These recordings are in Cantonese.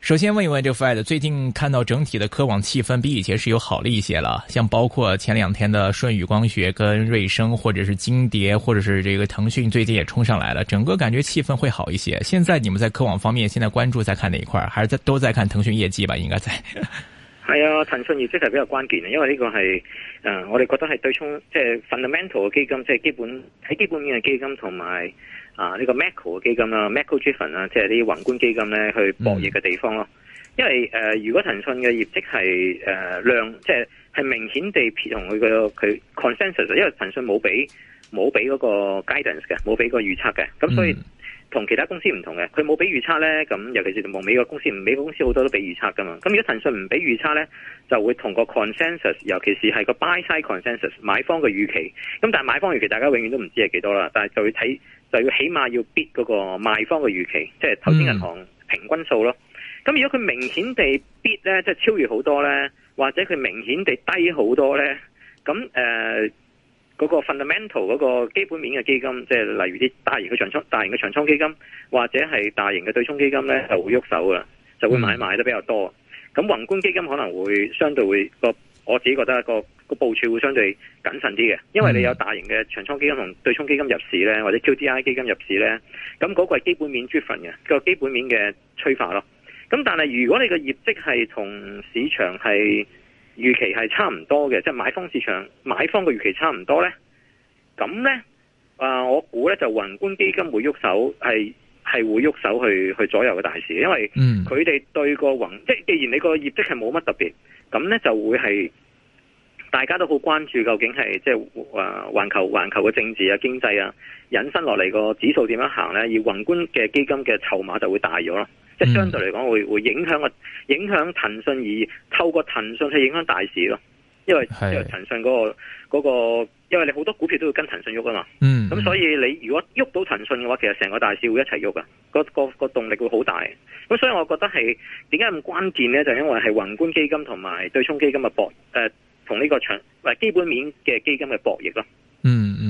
首先問一問這個傅愛的，最近看到整體的科網氣氛比以前是有好了一些了，像包括前兩天的舜宇光學、跟瑞聲，或者是金蝶，或者是這個騰訊，最近也衝上來了，整個感覺氣氛會好一些。現在你們在科網方面，現在關注在看哪一塊？還是在都在看騰訊業績吧？應該在。係啊，騰訊業績係比較關鍵嘅，因為呢個係，呃，我哋覺得係對沖，即係 fundamental 嘅基金，即係基本喺基本面嘅基金同埋。啊！呢、這個 macro 嘅基金啦，macro driven 即係啲宏觀基金咧去博弈嘅地方咯。嗯、因為誒、呃，如果騰訊嘅業績係誒量，即係係明顯地撇同佢嘅佢 consensus，因為騰訊冇俾冇俾嗰個 guidance 嘅，冇俾個預測嘅。咁所以同其他公司唔同嘅，佢冇俾預測咧。咁尤其是同美國公司，美國公司好多都俾預測噶嘛。咁如果騰訊唔俾預測咧，就會同個 consensus，尤其是係個 buy side consensus 買方嘅預期。咁但係買方預期，大家永遠都唔知係幾多啦。但係就會睇。就要起碼要 beat 嗰個賣方嘅預期，即係投資銀行平均數咯。咁、嗯、如果佢明顯地 beat 咧，即係超越好多咧，或者佢明顯地低好多咧，咁誒嗰個 fundamental 嗰個基本面嘅基金，即係例如啲大型嘅長倉、大型嘅長倉基金，或者係大型嘅對沖基金咧，就會喐手啊，就會買買得比較多。咁、嗯、宏觀基金可能會相對會我自己覺得個個部署會相對謹慎啲嘅，因為你有大型嘅長倉基金同對沖基金入市呢，或者 QDII 基金入市呢，咁、那、嗰個係基本面 driven 嘅，個基本面嘅催化咯。咁但係如果你個業績係同市場係預期係差唔多嘅，即係買方市場買方嘅預期差唔多呢，咁呢，啊，我估呢就宏觀基金會喐手，係係會喐手去去左右嘅大市，因為佢哋對個宏，即係既然你個業績係冇乜特別。咁咧就會係大家都好關注，究竟係即係誒環球環球嘅政治啊、經濟啊，引申落嚟個指數點樣行咧？而宏觀嘅基金嘅籌碼就會大咗咯，即係相對嚟講會會影響個影響騰訊而透過騰訊去影響大市咯。因為因為騰訊嗰個、嗰個，因為你好多股票都會跟騰訊喐啊嘛，咁、嗯、所以你如果喐到騰訊嘅話，其實成個大市會一齊喐㗎，嗰個、嗰個動力會好大。咁所以我覺得係點解咁關鍵咧，就因為係宏觀基金同埋對沖基金嘅博，誒、呃，同呢個長，基本面嘅基金嘅博弈咯、嗯。嗯。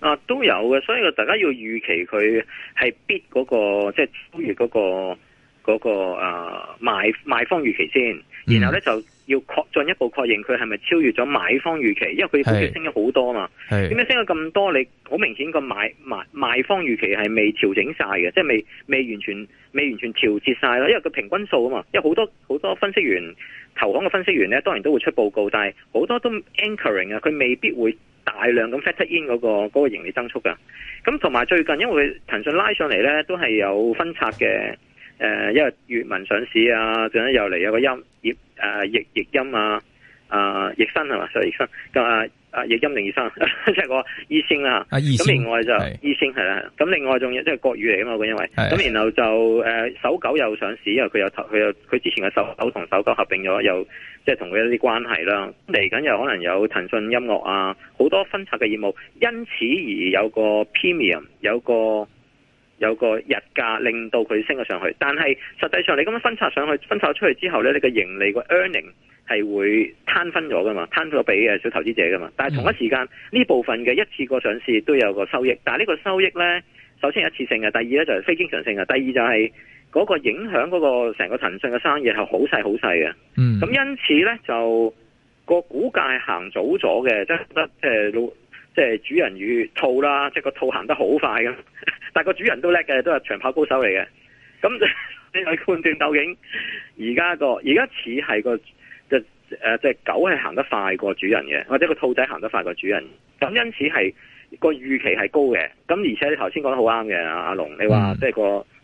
啊，都有嘅，所以大家要預期佢係必嗰個，即係超越嗰個嗰個啊賣賣方預期先，然後咧，嗯，就要確進一步確認佢係咪超越咗買方預期，因為佢要分升咗好多嘛。點解升咗咁多？你好明顯個買賣賣方預期係未調整晒嘅，即係未未完全未完全調節晒啦。因為佢平均數啊嘛，因為好多好多分析員投行嘅分析員咧，當然都會出報告，但係好多都 anchoring 啊，佢未必會。大量咁 factor in 嗰、那個嗰、那個盈利增速噶，咁同埋最近因為騰訊拉上嚟咧，都係有分拆嘅，誒、呃，因為閱文上市啊，仲有又嚟有個音業、啊、音啊。Uh，是是啊，醫生係嘛，所以醫生，咁啊啊，亦音定醫生，即係個醫生啦。咁另外就醫生係啦，咁的另外仲有即係國語嚟噶嘛，咁因為，咁的然後就誒，搜狗又上市，因為佢有佢有佢之前嘅搜狗同搜狗合併咗，又即係同佢一啲關係啦。嚟緊又可能有騰訊音樂啊，好多分拆嘅業務，因此而有個 premium，有個。有個日價令到佢升咗上去，但係實際上你咁樣分拆上去、分拆出去之後呢，你嘅盈利個 earnings 係會攤分咗噶嘛，攤咗俾嘅小投資者噶嘛。但係同一時間呢、嗯、部分嘅一次過上市都有個收益，但係呢個收益呢，首先係一次性嘅，第二呢就係非經常性嘅，第二就係嗰個影響嗰個成個騰訊嘅生意係好細好細嘅。咁、嗯、因此呢，就、這個股價係行早咗嘅，即係得即係主人與兔啦，即係個兔行得好快嘅，但係個主人都叻嘅，都係長跑高手嚟嘅。咁你去判斷究竟而家個而家似係個，就誒、呃、即係狗係行得快過主人嘅，或者個兔仔行得快過主人。咁因此係個預期係高嘅。咁而且你頭先講得好啱嘅，阿阿龍，你話即係個。嗯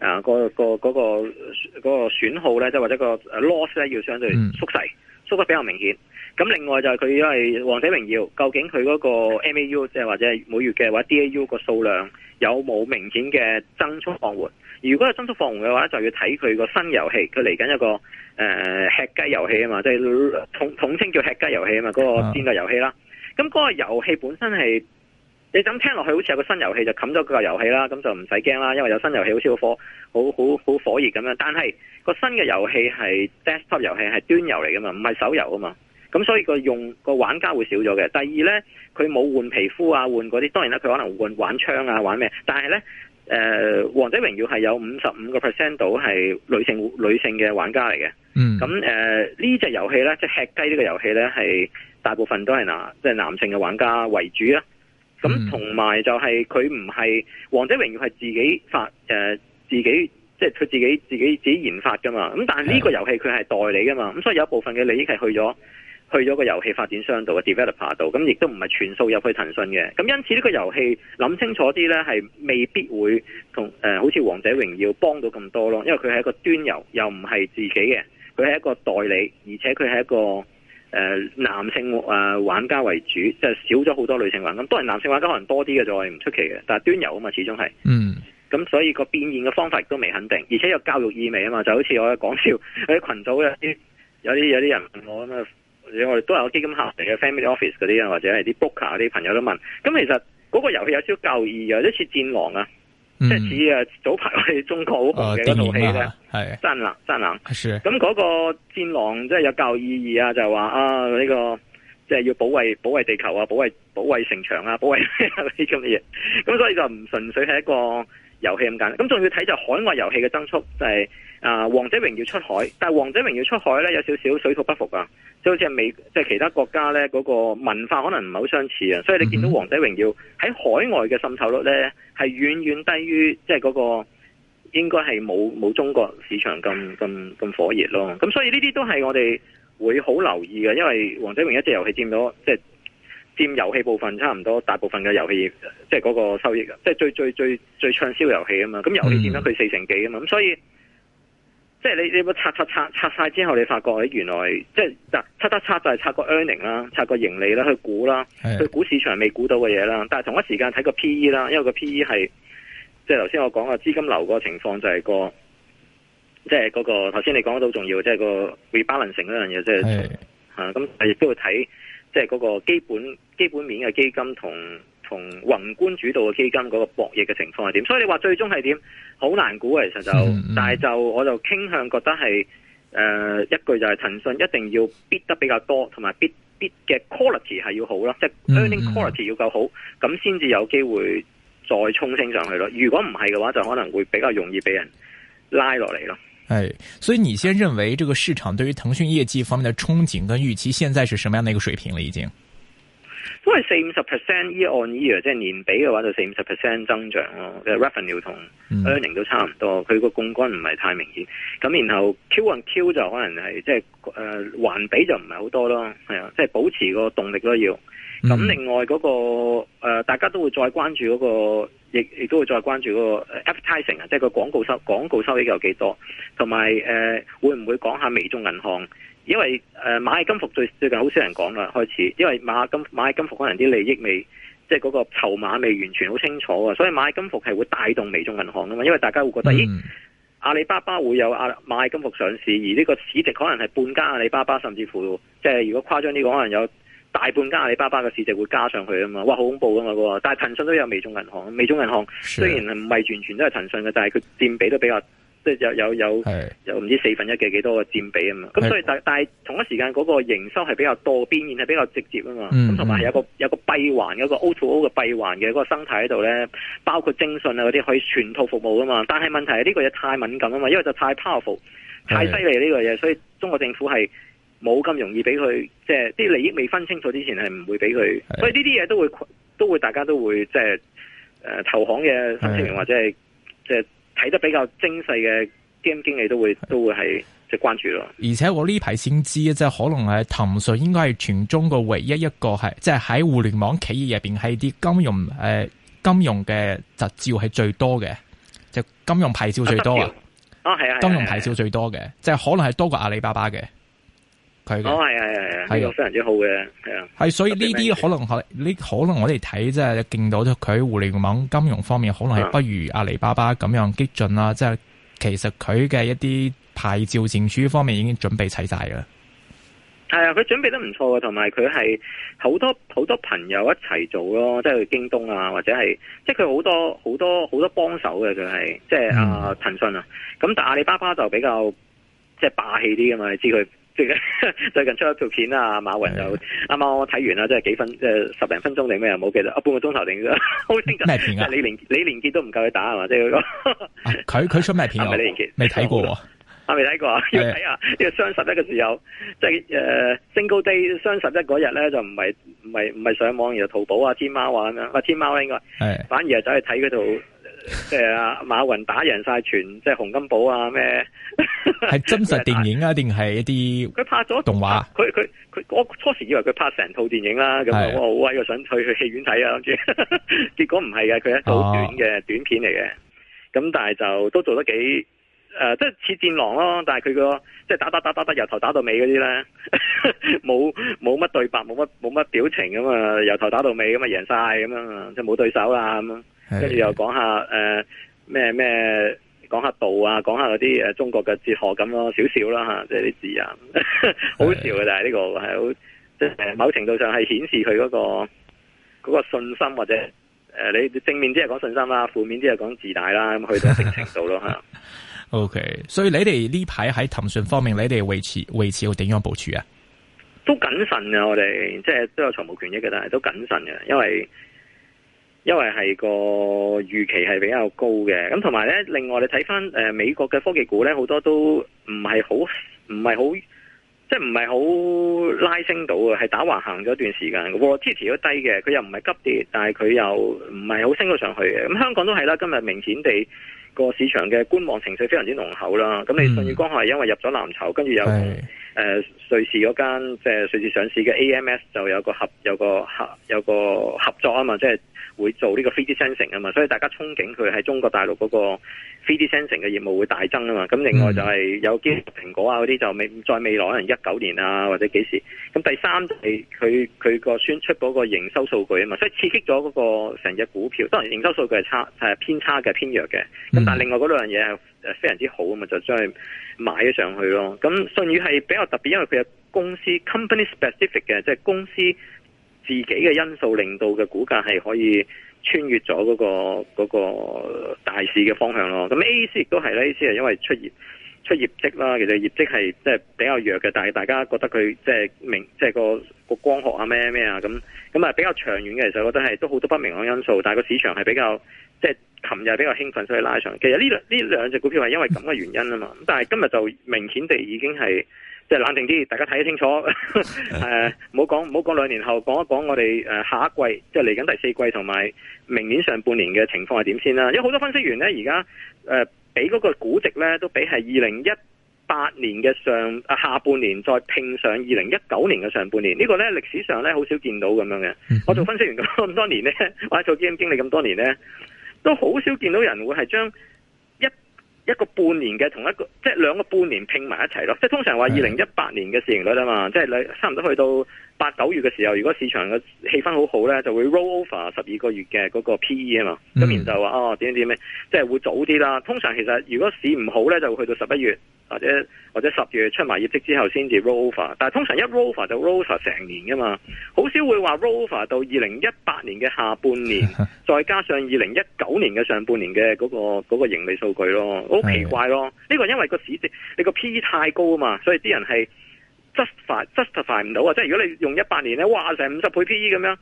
啊，那個、那個嗰個嗰個損耗咧，即係或者個 loss 咧，要相對縮細，縮得比較明顯。咁另外就係佢因為《王者榮耀》，究竟佢嗰個 MAU 即係或者每月嘅或者 DAU 個數量有冇明顯嘅增速放緩？如果係增速放緩嘅話，就要睇佢個新遊戲，佢嚟緊一個誒、呃、吃雞遊戲啊嘛，即、就、係、是、統、統稱叫吃雞遊戲啊嘛，嗰、那個戰略遊戲啦。咁、那、嗰個遊戲本身係。你咁聽落去好似有個新遊戲就冚咗個遊戲啦，咁就唔使驚啦，因為有新遊戲好似好火，好好好，好火熱咁樣。但係個新嘅遊戲係 desktop 遊戲係端遊嚟噶嘛，唔係手遊啊嘛。咁所以個用個玩家會少咗嘅。第二呢，佢冇換皮膚啊，換嗰啲，當然啦，佢可能換玩槍啊，玩咩？但係呢，誒、呃，王者榮耀係有五十五個 percent 到係女性女性嘅玩家嚟嘅。嗯。咁誒呢隻遊戲呢，即係吃雞呢個遊戲呢，係大部分都係男即係男性嘅玩家為主咁同埋就係佢唔係《王者榮耀》係自己發誒、呃、自己，即係佢自己自己自己研發噶嘛。咁但係呢個遊戲佢係代理噶嘛，咁所以有一部分嘅利益係去咗去咗個遊戲發展商度嘅 developer 度，咁亦都唔係全數入去騰訊嘅。咁因此呢個遊戲諗清楚啲呢，係未必會同誒、呃、好似《王者榮耀》幫到咁多咯，因為佢係一個端遊，又唔係自己嘅，佢係一個代理，而且佢係一個。誒、呃，男性誒、呃、玩家為主，即係少咗好多女性玩，咁當然，男性玩家可能多啲嘅，就係唔出奇嘅。但係端遊啊嘛，始終係，嗯，咁、嗯、所以個變現嘅方法亦都未肯定，而且有教育意味啊嘛，就好似我講笑，我啲群組有啲有啲有啲人問我咁啊，我哋都係有基金客嚟嘅，family office 嗰啲啊，或者係啲 booker 啲朋友都問，咁、嗯、其實嗰個遊戲有少教義有好似戰狼啊。即係似啊，早排係中國好紅嘅嗰套戲咧，係《戰狼》《戰狼》。是。咁嗰是個《戰狼》即係有教育意義啊，就係、是、話啊呢、這個即係要保衞保衞地球啊，保衞保衞城牆啊，保衞啲咁嘅嘢。咁所以就唔純粹係一個遊戲咁簡單。咁仲要睇就海外遊戲嘅增速，就係、是。啊！呃《王者榮耀》出海，但係《王者榮耀》出海咧，有少少水土不服啊，即好似係美，即係其他國家呢嗰個文化可能唔係好相似啊，所以你見到《王者榮耀》喺海外嘅滲透率呢，係遠遠低於即係嗰個，應該係冇冇中國市場咁咁咁火熱咯。咁所以呢啲都係我哋會好留意嘅，因為《王者榮耀》一隻遊戲佔咗即係佔遊戲部分差唔多大部分嘅遊戲，即係嗰個收益，即係最最最最暢銷遊戲啊嘛。咁遊戲佔咗佢四成幾啊嘛，咁所以。即係你你冇拆拆拆拆晒之後，你發覺喺原來即係，嗱，拆拆拆就係拆個 earnings 啦，拆個盈利啦，去估啦，去估市場未估到嘅嘢啦。是的 但係同一時間睇個 P E 啦，因為個 P E 係即係頭先我講個資金流個情況就係個即係嗰個頭先你講到重要，即係個 rebalance 成呢樣嘢，即係咁，亦都要睇即係嗰個基本基本面嘅基金同。同宏觀主導嘅基金嗰個博弈嘅情況係點，所以你話最終係點，好難估啊。其實就，嗯、但係就我就傾向覺得係，誒、呃，一句就係騰訊一定要 beat 得比較多，同埋 beat beat 嘅 quality 係要好啦，即、就、係、是、earning quality 要夠好，咁先至有機會再衝升上去咯。如果唔係嘅話，就可能會比較容易俾人拉落嚟咯。誒、哎，所以你先認為，這個市場對於騰訊業績方面嘅憧憬跟預期，現在是什麼樣嘅一個水平咧？已經？都係四五十 percent year on year，即係年比嘅話就四五十 percent 增長咯。即係 revenue 同 earning 都差唔多，佢、嗯、個槓桿唔係太明顯。咁然後 Q on Q 就可能係即係誒、呃，環比就唔係好多咯，係啊，即係保持個動力都要。咁、嗯、另外嗰、那個誒、呃，大家都會再關注嗰、那個，亦亦都會再關注嗰個 advertising 啊，即係個廣告收廣告收益有幾多，同埋誒會唔會講下微眾銀行？因為誒，呃、螞蟻金服最最近好少人講啦，開始，因為螞蟻金螞蟻金服可能啲利益未，即係嗰個籌碼未完全好清楚啊，所以螞蟻金服係會帶動微眾銀行啊嘛，因為大家會覺得，咦、嗯，阿里巴巴會有阿螞蟻金服上市，而呢個市值可能係半間阿里巴巴，甚至乎即係如果誇張啲講，可能有大半間阿里巴巴嘅市值會加上去啊嘛，哇，好恐怖噶嘛、嗰個，但係騰訊都有微眾銀行，微眾銀行雖然唔係完全都係騰訊嘅，但係佢佔比都比較。即係有有有有唔知四分一嘅幾多個佔比啊嘛，咁是的 所以但但係同一時間嗰個營收係比較多變，係比較直接啊嘛，咁同埋有個有個閉環有個 O to O 嘅閉環嘅嗰個生態喺度咧，包括證信啊嗰啲可以全套服務啊嘛，但係問題係呢個嘢太敏感啊嘛，因為就太 powerful、太犀利呢個嘢，所以中國政府係冇咁容易俾佢即係啲利益未分清楚之前係唔會俾佢，是的 所以呢啲嘢都會都會大家都會即係、呃、投行嘅申請人或者即、就、係、是。睇得比較精細嘅 game 經理都會都會係即係關注咯。而且我呢排先知，就是，啊，即係可能係騰訊應該係全中國唯一一個係，即係喺互聯網企業入邊係啲金融誒金融嘅執照係最多嘅，就金融牌照最多啊！哦，係啊，金融牌照最多嘅，即，就，係可能係多過阿里巴巴嘅。哦，係係係，係個的的非常之好嘅，係啊的，係的所以呢啲可能可呢的可能我哋睇即係見到咗佢互聯網金融方面可能係不如阿里巴巴咁樣激進啦，係的即係其實佢嘅一啲牌照證書方面已經準備齊晒啦。係啊，佢準備得唔錯嘅，同埋佢係好多好多朋友一齊做咯，即、就、係、是、京東啊，或者係即係佢好多好多好多幫手嘅，就係即係啊騰訊啊，咁、啊、但阿里巴巴就比較即係、就是、霸氣啲嘅嘛，你知佢。 最近出咗部片雲的啊，馬雲就啱啱我睇完啦，即係幾分，即係十零分鐘定咩冇記得，啊半個鐘頭定，好清楚。咩片啊？李連李連杰都唔夠佢打係嘛？即係嗰個。佢佢出咩片啊？李連杰？未睇過喎，啊未睇過啊？的要睇啊！呢個雙十一嘅時候，即係誒，Single Day 雙十一嗰日咧就唔係唔係唔係上網而淘寶啊、天貓玩啊，天貓應該係，的反而係走去睇嗰度。即係阿馬雲打贏晒全，即係洪金寶啊咩？係真實電影啊，定係一啲？佢 拍咗動畫，佢佢佢，我初時以為佢拍成套電影啦，咁我好啊，又想去去戲院睇啊，諗住，結果唔係嘅，佢係一套短嘅短片嚟嘅，咁、啊、但係就都做得幾誒，即係似戰狼咯，但係佢個即係打打打打打，由頭打到尾嗰啲咧，冇冇乜對白，冇乜冇乜表情咁啊，由頭打到尾咁啊，贏晒咁啊，即係冇對手啦咁。跟住又講下誒咩咩，講下道啊，講下嗰啲誒中國嘅哲學咁咯，少少啦吓，即係啲字啊，呵呵好笑嘅、啊，但係呢、呢個係好即係某程度上係顯示佢嗰、嗰個、嗰個信心或者誒、呃、你正面啲係講信心啦，負面啲係講自大啦，咁去到一定程度咯吓。O K，所以你哋呢排喺騰訊方面，你哋維持維持到點樣部署啊？都謹慎啊，我哋即係都有財務權益嘅，但係都謹慎嘅，因為。因為係個預期係比較高嘅，咁同埋咧，另外你睇翻誒美國嘅科技股咧，好多都唔係好唔係好，即係唔係好拉升到嘅，係打橫行咗一段時間嘅，支持都低嘅，佢又唔係急跌，但係佢又唔係好升咗上去嘅。咁、嗯、香港都係啦，今日明顯地個市場嘅觀望情緒非常之濃厚啦。咁你舜宇光學係因為入咗藍籌，跟住有誒是、呃、瑞士嗰間即係瑞士上市嘅 AMS 就有個合有，個，有個合有個合作啊嘛，即係。會做呢個 3D sensing 啊嘛，所以大家憧憬佢喺中國大陸嗰個 3D sensing 嘅業務會大增啊嘛。咁另外就係有啲蘋、嗯、果啊嗰啲就未再未來可能一九年啊或者幾時。咁第三係佢佢個宣出嗰個營收數據啊嘛，所以刺激咗嗰個成隻股票。當然營收數據係差係偏差嘅偏弱嘅，咁但係另外嗰兩樣嘢係誒非常之好啊嘛，就將係買咗上去咯。咁信宇係比較特別，因為佢嘅公司 company specific 嘅，即係公司。自己嘅因素令到嘅股價係可以穿越咗嗰個嗰個大市嘅方向咯。咁 A 股亦都係咧，A 股係因為出業出業績啦。其實業績係即係比較弱嘅，但係大家覺得佢即係明即係個個光學啊咩咩啊咁咁啊比較長遠嘅。其實我覺得係都好多不明朗因素，但係個市場係比較即係琴日比較興奮，所以拉上。其實呢兩呢兩隻股票係因為咁嘅原因啊嘛。咁但係今日就明顯地已經係。即係冷靜啲，大家睇清楚。誒，唔好講唔好講兩年後，講一講我哋誒、呃、下一季，即係嚟緊第四季同埋明年上半年嘅情況係點先啦。因為好多分析員呢，而家誒俾嗰個估值呢，都俾係二零一八年嘅上啊、呃、下半年再拼上二零一九年嘅上半年，呢、這個呢，歷史上呢，好少見到咁樣嘅。我做分析員咁多咁多年呢，我係做基金經理咁多年呢，都好少見到人會係將。一個半年嘅同一個，即係兩個半年拼埋一齊咯，即係通常話二零一八年嘅市盈率啊嘛，即係你差唔多去到。八九月嘅時候，如果市場嘅氣氛好好呢，就會 roll over 十二個月嘅嗰個 PE 啊嘛，咁然後、嗯、就話哦點點點咩，即係會早啲啦。通常其實如果市唔好呢，就會去到十一月或者或者十月出埋業績之後先至 roll over。但係通常一 roll over 就 roll over 成年㗎嘛，好少會話 roll over 到二零一八年嘅下半年，再加上二零一九年嘅上半年嘅嗰個嗰個盈利數據咯，好奇怪咯。呢是的 個因為個市值你個 PE 太高啊嘛，所以啲人係，justify 唔到啊！即係如果你用一八年咧，哇成五十倍 PE 咁樣，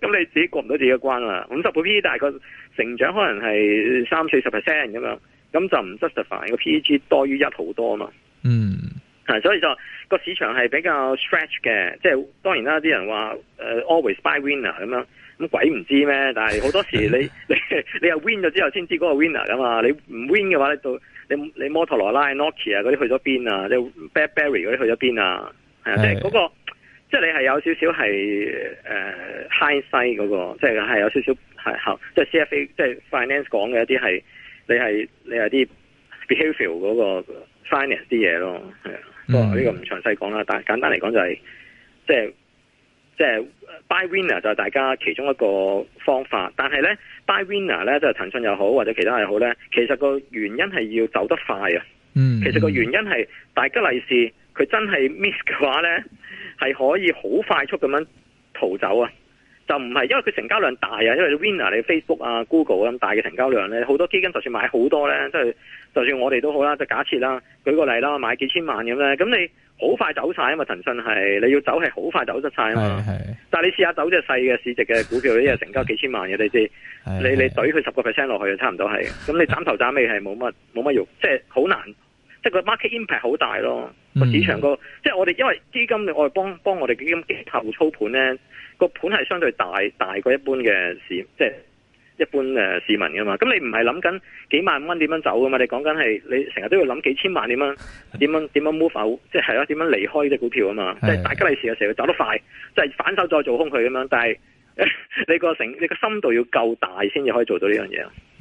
咁 你自己過唔到自己嘅關啦。五十倍 PE，但係個成長可能係三四十 percent 咁樣，咁就唔 justify 個 PEG 多於一好多啊嘛。嗯、mm.，係所以就個市場係比較 stretch 嘅，即係當然啦，啲人話誒、uh, always buy winner 咁樣，咁鬼唔知咩？但係好多時 你你你又 win 咗之後先知嗰個 winner 㗎嘛，你唔 win 嘅話你就。你你摩托羅拉、Nokia 啊嗰啲去咗邊啊？你 BlackBerry 嗰啲去咗邊啊？係啊，即係嗰個，即、就、係、是、你係有少少係誒 hindsight 嗰個，即係係有少少係即係 CFA，即係 finance 講嘅一啲係，你係你係啲 behavior 嗰、那個那個 finance 啲嘢咯，係啊，嗯、不過呢個唔詳細講啦，但係簡單嚟講就係即係。就是即係 buy winner 就係大家其中一個方法，但係咧 buy winner 咧，即係騰訊又好，或者其他又好咧，其實個原因係要走得快啊。嗯，其實個原因係大吉利是佢真係 miss 嘅話咧，係可以好快速咁樣逃走啊。就唔係，因為佢成交量大啊，因為 winner 你 Facebook 啊、Google 咁大嘅成交量咧，好多基金就算買好多咧，即係就算我哋都好啦，即係假設啦舉個例啦，買幾千萬咁咧，咁你好快走晒，啊嘛！騰訊係你要走係好快走得晒啊嘛！係係但係你試下走隻細嘅市值嘅股票，你一日成交幾千萬嘅是是，你知你你懟佢十個 percent 落去，就差唔多係，咁你斬頭斬尾係冇乜冇乜用，即係好難。即係個 market impact 好大咯，個市場個、嗯、即係我哋因為基金，我哋幫幫我哋基金頭操盤咧，個盤係相對大大過一般嘅市，即係一般市民噶嘛。咁你唔係諗緊幾萬蚊點樣走噶嘛？你講緊係你成日都要諗幾千萬點樣點樣點樣 move out，即係係咯點樣離開啲股票啊嘛？即係的大吉利是嘅時候走得快，即、就、係、是、反手再做空佢咁樣。但係 你個成你個深度要夠大先至可以做到呢樣嘢。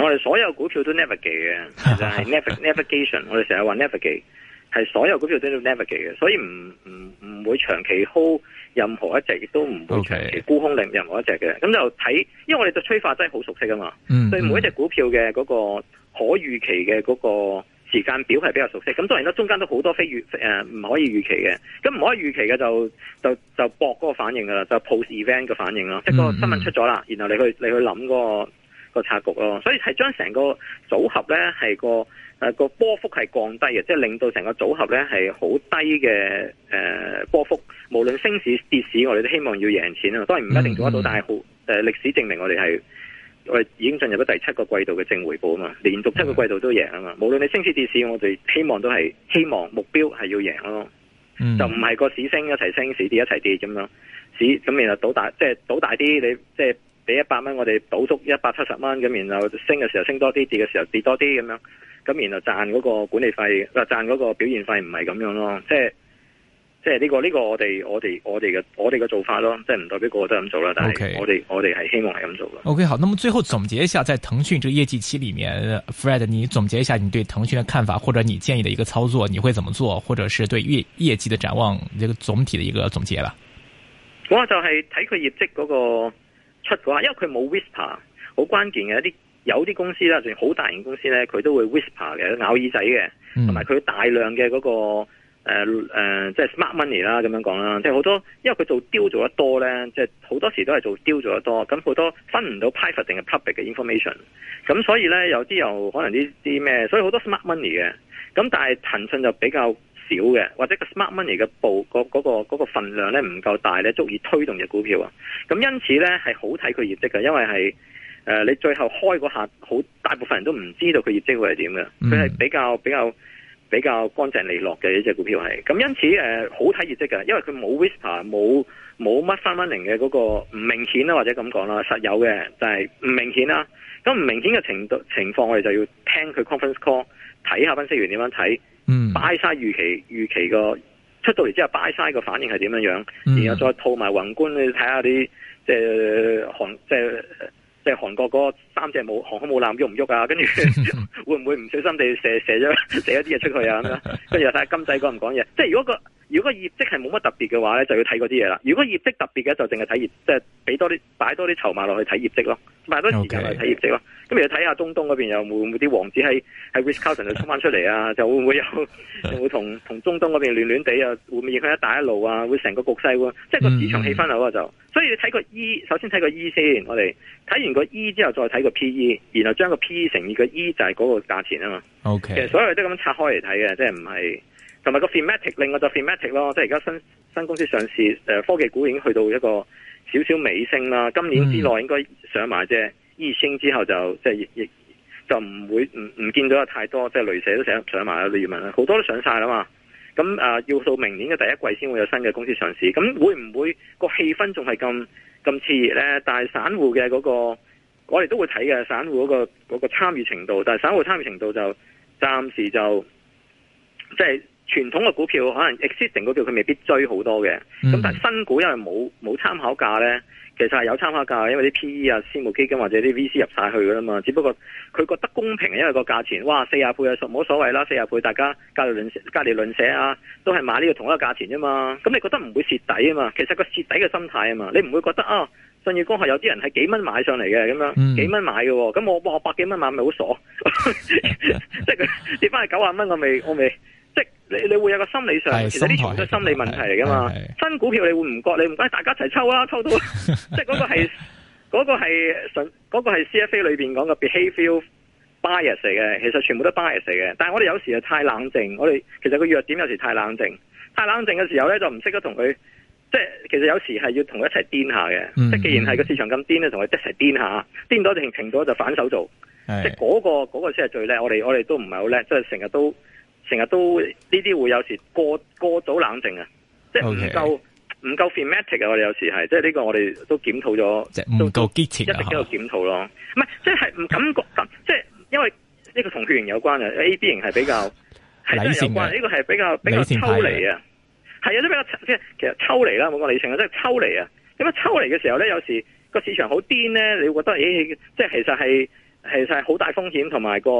我哋所有股票都 navigate 嘅，就係係 navigation 我哋成日話 navigate，係所有股票都都 navigate 嘅，所以唔唔唔會長期 hold 任何一隻，亦都唔會長期沽空令任何一隻嘅。咁 Okay. 就睇，因為我哋對催化真係好熟悉啊嘛。嗯、對每一隻股票嘅嗰個可預期嘅嗰個時間表係比較熟悉。咁當然啦，中間都好多非預誒唔可以預期嘅。咁唔可以預期嘅就就就博嗰個反應噶啦，就 post event 嘅反應咯，即係、嗯、個新聞出咗啦，嗯、然後你去你去諗嗰個。個拆局咯，所以係將成個組合呢，係個誒個、呃、波幅係降低嘅，即係令到成個組合呢係好低嘅誒、呃、波幅。無論升市跌市，我哋都希望要贏錢啊！當然唔一定做得到，嗯嗯，但係好誒歷史證明我哋係我哋已經進入咗第七個季度嘅正回報啊嘛，連續七個季度都贏啊嘛。嗯、無論你升市跌市，我哋希望都係希望目標係要贏咯，嗯、就唔係個市升一齊升，市跌一齊跌咁樣。市咁然後倒大，即係倒大啲，你即係。俾一百蚊，我哋補足一百七十蚊咁，然後升嘅時候升多啲，跌嘅時候跌多啲咁樣。咁然後賺嗰個管理費，嗱賺嗰個表現費唔係咁樣咯，即係即係、呢、呢個呢、呢個我哋我哋我哋嘅我哋嘅做法咯，即係唔代表個個都係咁做啦。但係我哋 Okay. 我哋係希望係咁做嘅。O、okay, K，好，那麼最後總結一下，在騰訊這個業績期裏面，Fred，你總結一下你對騰訊嘅看法，或者你建議嘅一個操作，你會怎麼做，或者是對業業績嘅展望，一、呢個總體嘅一個總結啦。我就係睇佢業績嗰、嗰個。出嘅話，因為佢冇 whisper，好關鍵嘅一啲有啲公司啦，甚至好大型公司咧，佢都會 whisper 嘅咬耳仔嘅，同埋佢大量嘅嗰個誒誒，即係 smart money 啦咁樣講啦，即係好多，因為佢做 deal 做得多咧，即係好多時都係做 deal 做得多，咁好多分唔到 private 定係 public 嘅 information，咁所以咧有啲又可能啲咩，所以好多 smart money 嘅，咁但係騰訊就比較。少嘅，或者個 smart money 嘅部嗰嗰份量咧唔夠大咧，足以推動隻股票啊。咁因此咧，係好睇佢業績嘅，因為係誒、呃、你最後開嗰下，好大部分人都唔知道佢業績會係點嘅。佢係比較比較比較乾淨利落嘅呢隻股票係。咁因此誒，好睇業績嘅，因為佢冇 whisper，冇冇乜 smart money 嘅嗰個唔明顯啦，或者咁講啦，實有嘅，但係唔明顯啦。咁唔明顯嘅情況，我哋就要聽佢 conference call，睇下分析員點樣睇。嗯，拜晒預期預期個出到嚟之後拜晒個反應係點樣樣，然後再套埋宏觀看看，你睇下啲即係韓即係即係韓國嗰三隻武航空母艦喐唔喐啊？跟住會唔會唔小心地射射咗射咗啲嘢出去啊？跟住又睇下金仔講唔講嘢，即係如果個。如果業績係冇乜特別嘅話咧，就要睇嗰啲嘢啦。如果業績特別嘅，就淨係睇業，即係俾多啲擺多啲籌碼落去睇業績咯，擺多時間落去睇業績咯。咁又睇下中東嗰邊有冇冇啲王子喺喺 Ritz Carlton 度沖翻出嚟啊？就會唔會有會同同中東嗰邊亂亂地啊？會唔會影響一帶一路啊？會成個局勢喎、啊，即係個市場氣氛嗰個、啊 mm. 就。所以你睇個 E，首先睇個 E 先。我哋睇完個 E 之後，再睇個 PE，然後將個 PE 乘以個 E 就係嗰個價錢啊嘛。OK，其實所有都咁拆開嚟睇嘅，即係唔係。同埋個 thematic，另外就 thematic 咯，即係而家新新公司上市、呃，科技股已經去到一個少少尾聲啦。今年之內應該上埋啫，二星之後就即係亦就唔會唔唔見到有太多，即係雷寫都上上埋啦，雷文啦，好多都上晒啦嘛。咁啊、呃，要到明年嘅第一季先會有新嘅公司上市。咁會唔會個氣氛仲係咁咁熾熱呢？但係散戶嘅嗰個，我哋都會睇嘅，散戶嗰個嗰個參與程度。但係散戶參與程度就暫時就即係。傳統嘅股票可能 existing 股票佢未必追好多嘅，咁、嗯、但係新股因為冇冇參考價咧，其實係有參考價，因為啲 P E 啊、私募基金或者啲 V C 入晒去噶啦嘛。只不過佢覺得公平，因為個價錢，哇四十倍啊，冇所謂啦，四十倍大家隔離鄰舍、隔離鄰舍啊，都係買呢個同一個價錢啫嘛。咁你覺得唔會蝕底啊嘛？其實個蝕底嘅心態啊嘛，你唔會覺得啊，信譽光學有啲人係幾蚊買上嚟嘅咁樣幾，幾蚊買嘅喎，咁我我百幾蚊買咪好傻，即係跌翻去九十蚊，我未。我未。即係你你會有個心理上，是其實啲全部都係心理問題嚟㗎嘛。新股票你會唔覺，你唔該大家一齊抽啊，抽到 即係嗰個係嗰、嗰個係、嗰個、CFA 裏邊講嘅 behavior bias 嚟嘅，其實全部都係 bias 嚟嘅。但係我哋有時係太冷靜，我哋其實個弱點有時太冷靜，太冷靜嘅時候咧就唔識得同佢即係其實有時係要同佢一齊癲下嘅。嗯、即係既然係個市場咁癲咧，同佢一齊癲下，癲多停停咗就反手做。是即係、嗰、嗰個嗰、嗰個先係最叻。我哋我哋都唔係好叻，即係成日都。成日都呢啲會有時過過早冷靜啊，即係唔夠唔夠 fematic、啊、我哋有時係，即係呢個我哋都檢討咗，即係唔夠一直喺度檢討咯，唔係即係唔感覺 即係因為呢個同血型有關嘅，A、B 型係比較係真係有關，呢、這個係比較比較抽離啊，係啊，都比較即係其實抽離啦，冇個理性啊，即、就、係、是、抽離啊。咁啊抽離嘅時候咧，有時個市場好癲咧，你會覺得咦、哎，即係其實係其實係好大風險，同埋個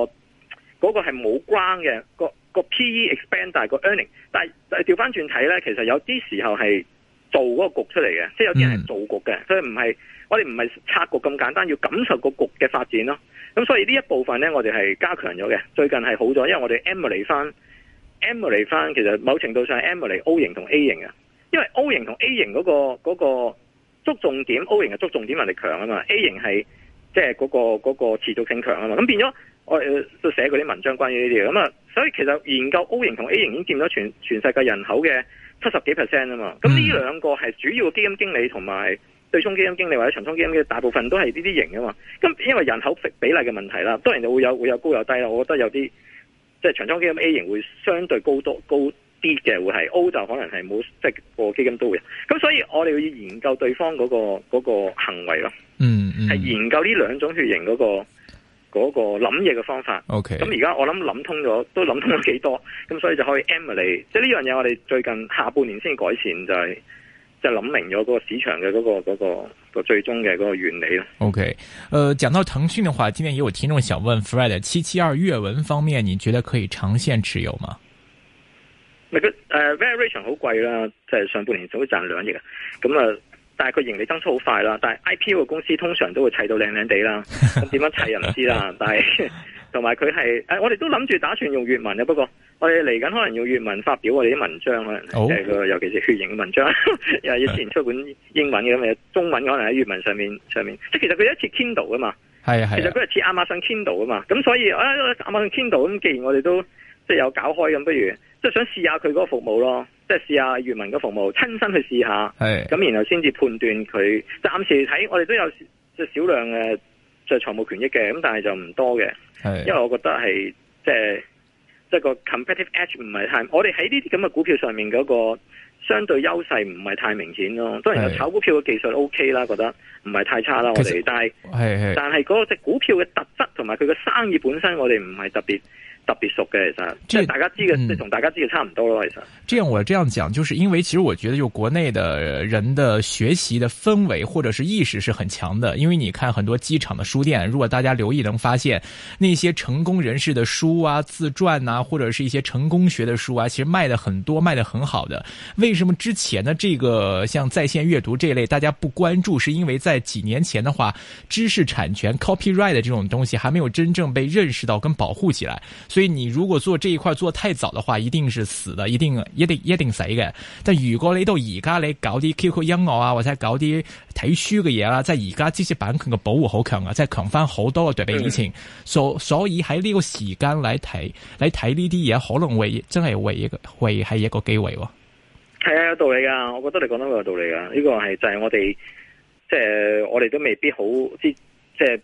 嗰個係冇關嘅個。那個個 PE expand 大個 earning，但係但係掉返轉睇咧，其實有啲時候係做嗰個局出嚟嘅，即係有啲人係做局嘅，所以唔係我哋唔係拆局咁簡單，要感受個局嘅發展咯。咁所以呢一部分咧，我哋係加強咗嘅，最近係好咗，因為我哋 Emily 翻，Emily 翻其實某程度上 Emily O 型同 A 型嘅，因為 O 型同 A 型嗰個嗰個捉重點，O 型係捉重點能力強啊嘛，A 型係即係嗰個嗰個持續性強啊嘛，咁變咗。我都寫過啲文章關於呢啲嘢。咁啊，所以其實研究 O 型同 A 型已經佔咗全全世界人口嘅七十幾 percent 啊嘛。咁呢兩個係主要基金經理同埋對沖基金經理或者長倉基金經理大部分都係呢啲型啊嘛。咁因為人口比例嘅問題啦，當然就會有會有高有低啦。我覺得有啲即係長倉基金 A 型會相對高多高啲嘅，會係 O 就可能係冇即係個基金都會有。咁所以我哋要研究對方嗰個嗰個行為咯。嗯。嗯，係研究呢兩種血型嗰個嗰個諗嘢嘅方法，咁而家我諗諗通咗，都諗通咗幾多，咁所以就可以 em 你，即係呢樣嘢我哋最近下半年先改善，就係即諗明咗嗰個市場嘅嗰、嗰個、嗰個、嗰個最終嘅嗰個原理咯。OK，誒、呃，講到騰訊嘅話，今天有聽眾想問 Fred 七七二閱文方面，你覺得可以長線持有嗎？嗱個誒、uh, valuation 好貴啦，即、就、係、是、上半年就會賺兩億嘅，咁、嗯、啊。呃.但係佢盈利增速好快啦，但係 IPO 嘅公司通常都會砌到靚靚地啦，點樣砌又唔知啦。但係同埋佢係，誒、哎，我哋都諗住打算用粵文嘅，不過我哋嚟緊可能用粵文發表我哋啲文章啦，即、呃、係、oh. 尤其是血型嘅文章，又要之前出本英文嘅，中文可能喺粵文上面上面。即係其實佢一次 Kindle 㗎嘛，係啊係其實佢係似亞馬遜 Kindle 㗎嘛，咁所以啊亞馬遜 Kindle 咁，既然我哋都即係、就是、有搞開咁，不如。即係想試下佢嗰個服務咯，即係試下越文嘅服務，親身去試下。係咁的，然後先至判斷佢。暫時睇，我哋都有即係少量嘅即係財務權益嘅，咁但係就唔多嘅。係的因為我覺得係即係即係個 competitive edge 唔係太。我哋喺呢啲咁嘅股票上面嗰個相對優勢唔係太明顯咯。當然有炒股票嘅技術 OK 啦，覺得唔係太差啦。我哋實但係係係，是的但係嗰隻股票嘅特質同埋佢嘅生意本身我們不是，我哋唔係特別。特別熟嘅，其實即係大家知嘅，同大家知嘅差唔多咯，其、嗯、實。這樣我這樣講，就是因為其實我覺得就國內的人的學習的氛圍，或者是意識是很強的。因為你看很多機場的書店，如果大家留意能發現，那些成功人士的書啊、自傳啊，或者是一些成功學的書啊，其實賣得很多，賣得很好的。為什麼之前的這個像在綫閱讀這一類，大家不關注，是因為在幾年前的話，知識產權 （copyright） 的這種東西還沒有真正被認識到跟保護起來。所以你如果做這一塊做得太早嘅話，一定是死的，一定一定一定死嘅。但如果你到而家你搞啲 QQ 音樂啊，或者搞啲睇書嘅嘢啦，即係而家知識版權嘅保護好強啊，即係強翻好多嘅對比以前。所、嗯 so, 所以喺呢個時間嚟睇，你睇呢啲嘢可能會真係會會係一個機會，啊。係啊，有道理噶，我覺得你講得都有道理噶。呢、這個係就係我哋即係我哋都未必好知即係。就是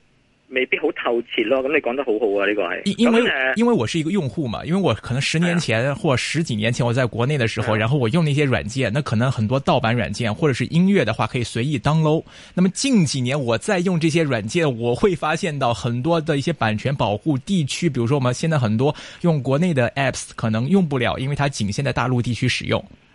未必好透徹咯，咁你講得好好啊，呢個係。因為因為我是一個用戶嘛，因為我可能十年前或十幾年前我在國內的時候，Yeah. 然後我用那些軟件，那可能很多盜版軟件，或者是音樂的話可以隨意 download。那麼近幾年我再用這些軟件，我會發現到很多的一些版權保護地區，比如說我們現在很多用國內的 apps 可能用不了，因為它僅限在大陸地區使用。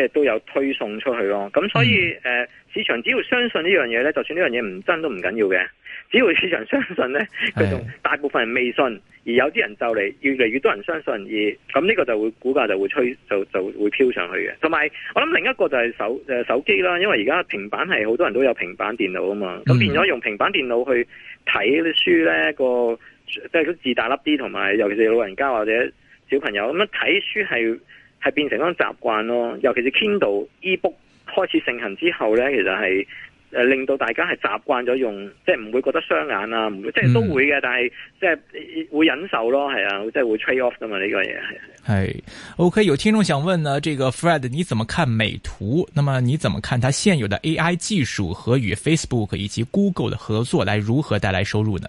即係都有推送出去咯，咁所以誒、嗯呃，市場只要相信呢樣嘢咧，就算呢樣嘢唔真都唔緊要嘅。只要市場相信呢，佢仲大部分人未信，的而有啲人就嚟越嚟越多人相信，而咁呢個就會股價就會吹，就就會飄上去嘅。同埋我諗另一個就係手誒手機啦，因為而家平板係好多人都有平板電腦啊嘛，咁、嗯、變咗用平板電腦去睇啲書呢的個即係個字大粒啲，同埋尤其是老人家或者小朋友咁樣睇書係。係變成一種習慣咯，尤其是 Kindle、嗯、eBook 開始盛行之後咧，其實係誒、呃、令到大家係習慣咗用，即係唔會覺得傷眼啦、啊，唔會即係都會嘅，嗯、但係即係會忍受咯，係啊，即係會 trade off 噶嘛呢、這個嘢係。係、啊、OK，有聽眾想問呢，這個 Fred，你怎麼看美圖？那麼你怎麼看它現有的 AI 技術和與 Facebook 以及 Google 的合作，來如何帶來收入呢？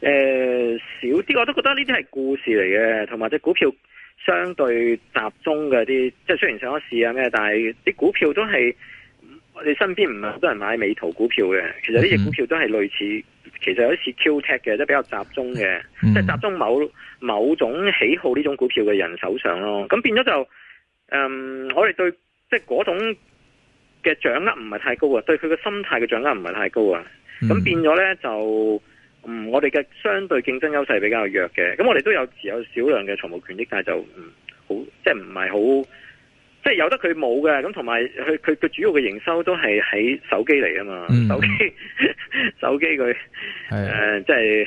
誒、呃，少啲，我都覺得呢啲係故事嚟嘅，同埋隻股票。相對集中嘅啲，即係雖然上咗市啊咩，但係啲股票都係，我哋身邊唔係好多人買美圖股票嘅。其實呢隻股票都係類似，其實有啲似 Q Tech 嘅，即係比較集中嘅，嗯、即係集中某某種喜好呢種股票嘅人手上咯。咁變咗就，嗯，我哋對即係嗰種嘅掌握唔係太高啊，對佢嘅心態嘅掌握唔係太高啊。咁變咗呢就。嗯，我哋嘅相對競爭優勢比較弱嘅，咁我哋都有持有少量嘅財務權益，但係就唔、嗯、好，即係唔係好，即係有得佢冇嘅，咁同埋佢佢佢主要嘅營收都係喺手機嚟啊嘛，嗯、手機機 手機佢誒，即係誒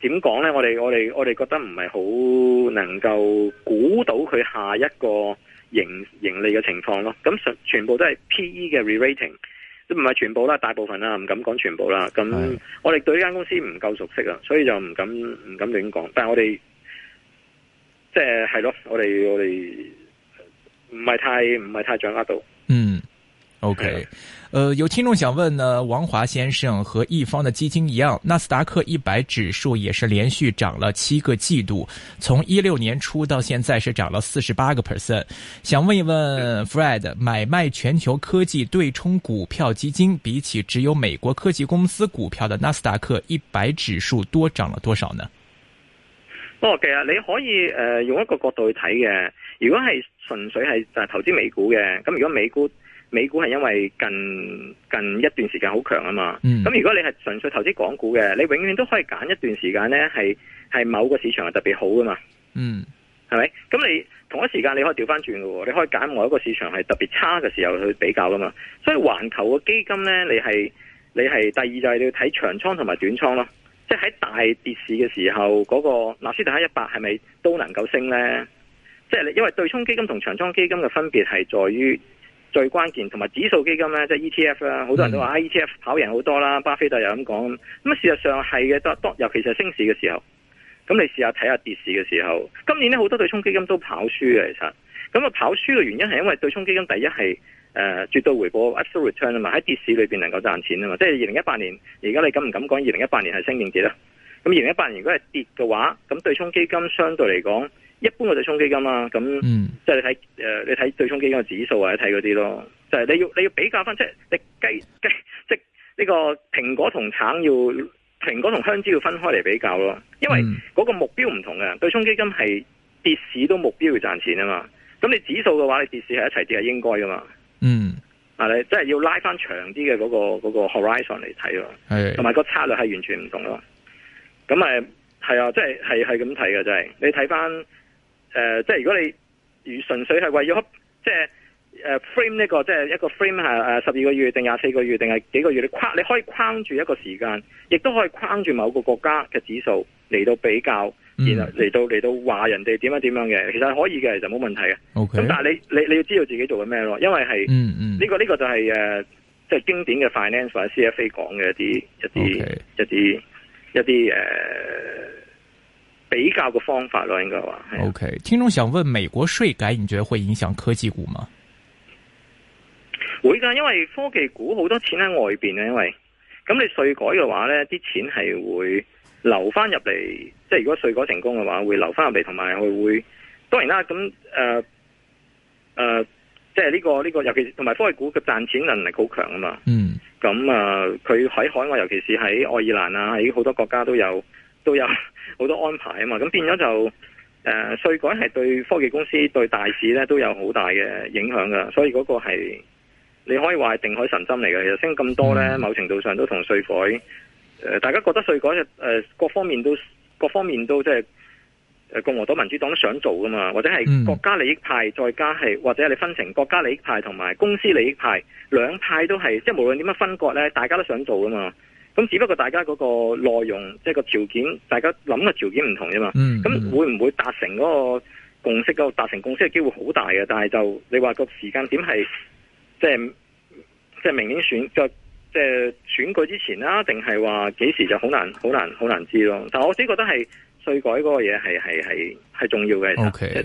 點講咧？我哋我哋我哋覺得唔係好能夠估到佢下一個盈盈利嘅情況咯，咁全全部都係 P E 嘅 re-rating。Rating, 都唔係全部啦，大部分啦，唔敢講全部啦。咁我哋對呢間公司唔夠熟悉啊，所以就唔敢唔敢亂講。但係我哋即係係咯，我哋我哋唔係太唔係太掌握到。嗯。OK，呃，有聽眾想問呢，王華先生和一方的基金一樣，納斯達克一百指數也是連續漲了七個季度，從一六年初到現在是漲了四十八個 percent。想問一問 Fred，買賣全球科技對沖股票基金，比起只有美國科技公司股票的納斯達克一百指數，多漲了多少呢？不過，哦，其實你可以呃用一個角度去睇嘅，如果係純粹係就係投資美股嘅，咁如果美股。美股係因為近近一段時間好強啊嘛，咁、嗯、如果你係純粹投資港股嘅，你永遠都可以揀一段時間呢，係係某個市場係特別好噶嘛，嗯，係咪？咁你同一時間你可以調翻轉噶，你可以揀某一個市場係特別差嘅時候去比較啦嘛。所以環球嘅基金呢，你係你係第二就係你要睇長倉同埋短倉咯，即係喺大跌市嘅時候，嗰、那個納斯達克一百係咪都能夠升呢？即、就、係、是、因為對沖基金同長倉基金嘅分別係在於。最關鍵同埋指數基金咧，即係 ETF 啦，好多人都話 ETF 跑贏好多啦，嗯、巴菲特又咁講。咁事實上係嘅，多尤其是係升市嘅時候。咁你試下睇下跌市嘅時候，今年咧好多對沖基金都跑輸嘅其實。咁啊，跑輸嘅原因係因為對沖基金第一係誒、呃、絕對回報 absolute return 啊嘛，喺跌市裏面能夠賺錢啊嘛。即係二零一八年，而家你敢唔敢講二零一八年係升定跌？啦咁二零一八年如果係跌嘅話，咁對沖基金相對嚟講。一般嘅對沖基金啦。咁即係睇誒，你睇對沖基金嘅指數或者睇嗰啲咯，就係、是、你要你要比較翻，即係你計計即係呢個蘋果同橙要蘋果同香蕉要分開嚟比較咯，因為嗰個目標唔同嘅，嗯、對沖基金係跌市都目標要賺錢啊嘛，咁你指數嘅話，你跌市係一齊跌係應該噶嘛，嗯，係你即係要拉翻長啲嘅嗰個、那個、horizon 嚟睇咯，係，同埋個策略係完全唔同的咯，咁誒係啊，即係係係咁睇嘅，真係、就是、你睇翻。誒、呃，即係如果你如純粹係為咗即係誒、呃、frame 呢、這個即係一個 frame 係誒十二個月定廿四個月定係幾個月，你框你可以框住一個時間，亦都可以框住某個國家嘅指數嚟到比較，嗯、然後嚟到嚟到話人哋點樣點樣嘅，其實可以嘅，就冇問題嘅。O K，咁但係你你你要知道自己做緊咩咯，因為係嗯嗯，呢、這個呢、這個就係誒即係經典嘅 finance 或者 CFA 講嘅一啲一啲 Okay. 一啲一啲誒。比較嘅方法咯，應該話。OK，係，聽眾想問美國稅改，你覺得會影響科技股嗎？會噶，因為科技股好多錢喺外邊咧，因為咁你稅改嘅話咧，啲錢係會留翻入嚟，即係如果稅改成功嘅話，會留翻入嚟，同埋佢會，當然啦，咁誒誒，即係呢個呢個，尤其同埋科技股嘅賺錢能力好強啊嘛。嗯。咁啊，佢、呃、喺海外，尤其是喺愛爾蘭啊，喺好多國家都有。都有好多安排啊嘛，咁變咗就誒稅改係對科技公司對大市咧都有好大嘅影響噶，所以嗰個係你可以話係定海神針嚟嘅。又升咁多咧，某程度上都同稅改誒、呃，大家覺得稅改誒、呃、各方面都各方面都即係誒共和黨、民主黨都想做噶嘛，或者係國家利益派再加係或者係你分成國家利益派同埋公司利益派兩派都係即係無論點樣分割咧，大家都想做噶嘛。咁只不過大家嗰個內容即係、就是、個條件，大家諗嘅條件唔同啫嘛。咁、嗯嗯、會唔會達成嗰個共識？嗰、那個達成共識嘅機會好大嘅，但係就你話個時間點係即係即係明年選，即、就、係、是、選舉之前啦，定係話幾時就好難好難好難知咯。但係我自己覺得係稅改嗰個嘢係係係係重要嘅。Okay.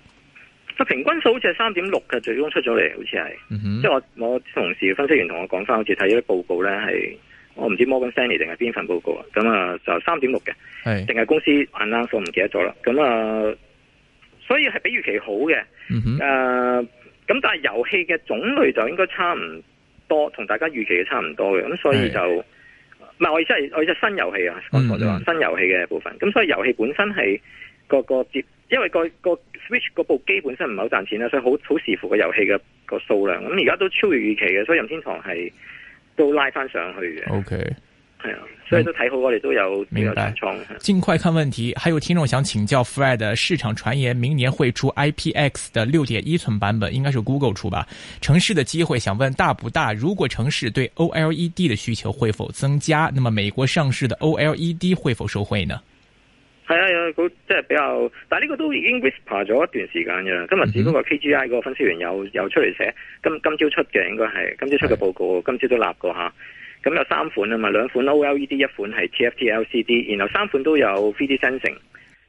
平均數好似係三點六嘅，最終出咗嚟，好似係，嗯、哼即係我我同事分析員同我講翻，好似睇咗啲報告咧，係我唔知 Morgan Stanley 定係邊份報告啊，咁啊就三點六嘅，定係是公司 announce 數唔記得咗啦，咁啊，所以係比預期好嘅，誒、嗯哼，咁、呃、但係遊戲嘅種類就應該差唔多，同大家預期嘅差唔多嘅，咁所以就，唔係是我意思係我意思新遊戲啊，我咗、嗯、哼新遊戲嘅部分，咁所以遊戲本身係個個接。因為個個 switch 嗰部機本身唔係好賺錢啦，所以好好視乎個遊戲嘅個數量。咁而家都超越預期嘅，所以任天堂係都拉翻上去嘅。O.K. 係啊，所以都睇好、嗯、我哋都有有單倉。白充盡快看問題，還有聽眾想請教 Fred 嘅市場傳言明年會出 I P X 的六點一寸版本，應該是 Google 出吧？城市的機會想問大不大？如果城市對 O L E D 的需求會否增加？那麼美國上市的 O L E D 會否受惠呢？係 啊，佢即係比較，但係呢個都已經 whisper 咗一段時間嘅啦。今日只不過 KGI 嗰個分析員有有出嚟寫，今今朝出嘅應該係今朝出嘅報告，是的 今朝都立過吓。咁、嗯、有三款啊嘛，兩款 OLED，一款係 TFT LCD，然後三款都有 3D sensing，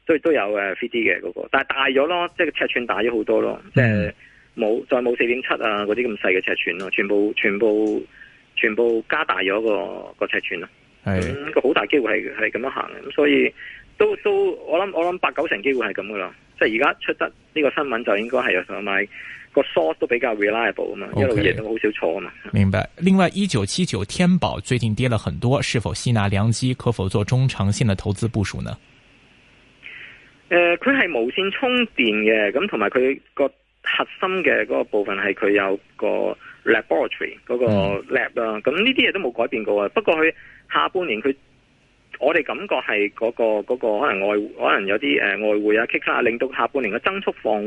都都有誒 3D 嘅嗰個，但係大咗咯，即係尺寸大咗好多咯，即係冇再冇四點七啊嗰啲咁細嘅尺寸咯，全部全部全部加大咗、嗰個、嗰個尺寸咯。係個好大機會係係咁樣行，咁所以。嗯都都，我諗我諗八九成機會係咁噶啦，即係而家出得呢個新聞就應該係，同埋個 source 都比較 reliable 啊嘛，Okay. 一路嘢都好少錯啊嘛。明白。另外，一九七九天寶最近跌了很多，是否吸納良機？可否做中長線嘅投資部署呢？誒、呃，佢係無線充電嘅，咁同埋佢個核心嘅嗰個部分係佢有個 laboratory 嗰個 lab 啦、嗯，咁呢啲嘢都冇改變過啊。不過佢下半年佢。我哋感覺係嗰、那個嗰、那個可能外匯可能有啲誒外匯啊 k i 令到下半年嘅增速放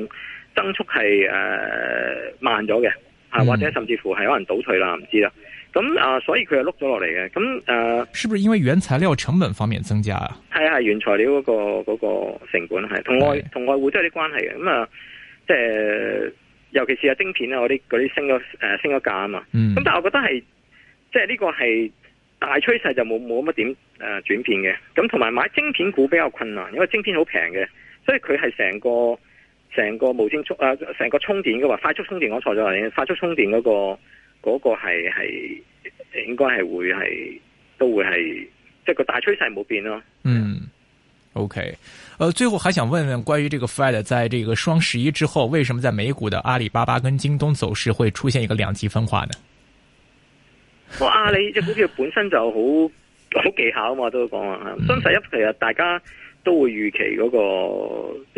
增速係誒、呃、慢咗嘅，嗯、或者甚至乎係可能倒退啦，唔知啦。咁啊，所以佢係碌咗落嚟嘅。咁誒，係咪因為原材料成本方面增加啊？係啊係原材料嗰、那個嗰、那個成本係同外同是 外匯都有啲關係嘅。咁、嗯、啊，即係尤其是啊晶片啊，嗰啲嗰啲升咗誒、呃、升咗價啊嘛。咁、嗯、但係我覺得係即係呢個係。大趨勢就冇冇乜點轉變嘅，咁同埋買晶片股比較困難，因為晶片好平嘅，所以佢係成個成個無線充成、呃、成個充電嘅話，快速充電我錯咗快速充電嗰個、嗰個係、係、應該係會係都會係即係個大趨勢冇變咯。嗯，OK，呃，最後還想問問關於這個 f i a e 在這個雙十一之後，為什麼在美股的阿里巴巴跟京東走勢會出現一個兩極分化呢？哇！阿里隻股票本身就好好 技巧啊嘛，都講話雙十一其實大家都會預期嗰、那個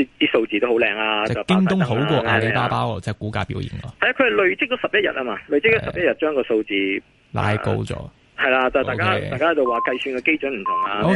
啲啲數字都好靚啊，即係、啊、京東好過阿里巴巴，啊是啊，即係股價表現啊。係啊，佢係累積咗十一日啊嘛，累積咗十一日將個數字、啊、拉高咗。係啦、啊，就大家 okay. 大家就話計算嘅基準唔同啊。好